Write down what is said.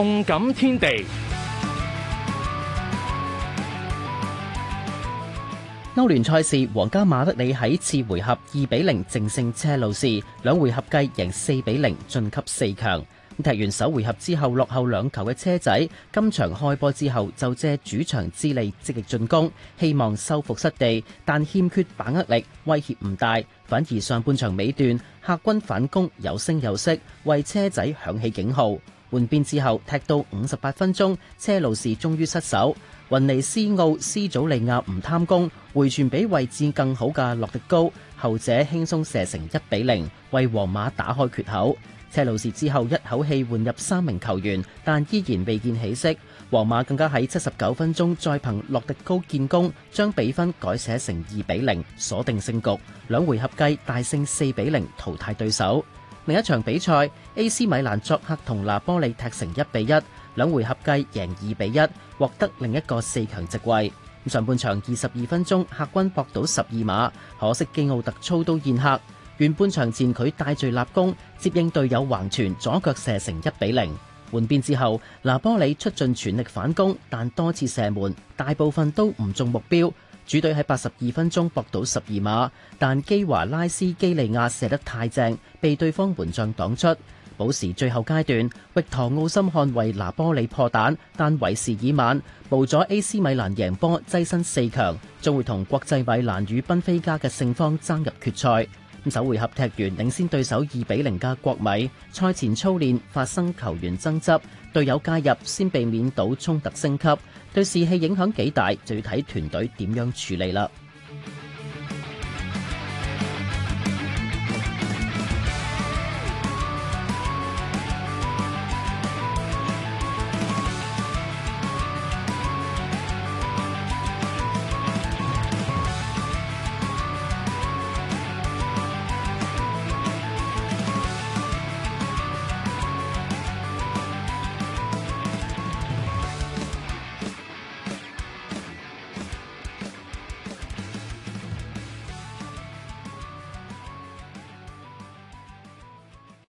動感天地。歐聯賽事，皇家馬德里喺次回合二比零淨勝車路士，兩回合計贏四比零晉級四強。踢完首回合之後落後兩球嘅車仔，今場開波之後就借主場之利積極進攻，希望收復失地，但欠缺把握力，威脅唔大。反而上半場尾段，客軍反攻有聲有色，為車仔響起警號。換邊之後踢到五十八分鐘，車路士終於失手，雲尼斯奧斯祖利亞唔貪功，回傳俾位置更好嘅洛迪高，後者輕鬆射成一比零，為皇馬打開缺口。車路士之後一口氣換入三名球員，但依然未見起色，皇馬更加喺原本場前，佢帶罪立功接應隊友橫傳，左腳射成一比零。換邊之後，拿波里出盡全力反攻，但多次射門大部分都唔中目標。主隊喺八十二分鐘博到十二碼，但基華拉斯基利亞射得太正，被對方門將擋出。保時最後階段，域陀奧森漢為拿波里破蛋，但為時已晚，無咗 A.C. 米蘭贏波，躋身四強，將會同國際米蘭與賓菲加嘅勝方爭入決賽。首回合踢完領先對手二比零嘅國米，賽前操練，發生球員爭執，隊友介入先避免到衝突升級，對士氣影響幾大，就要睇團隊點樣處理啦。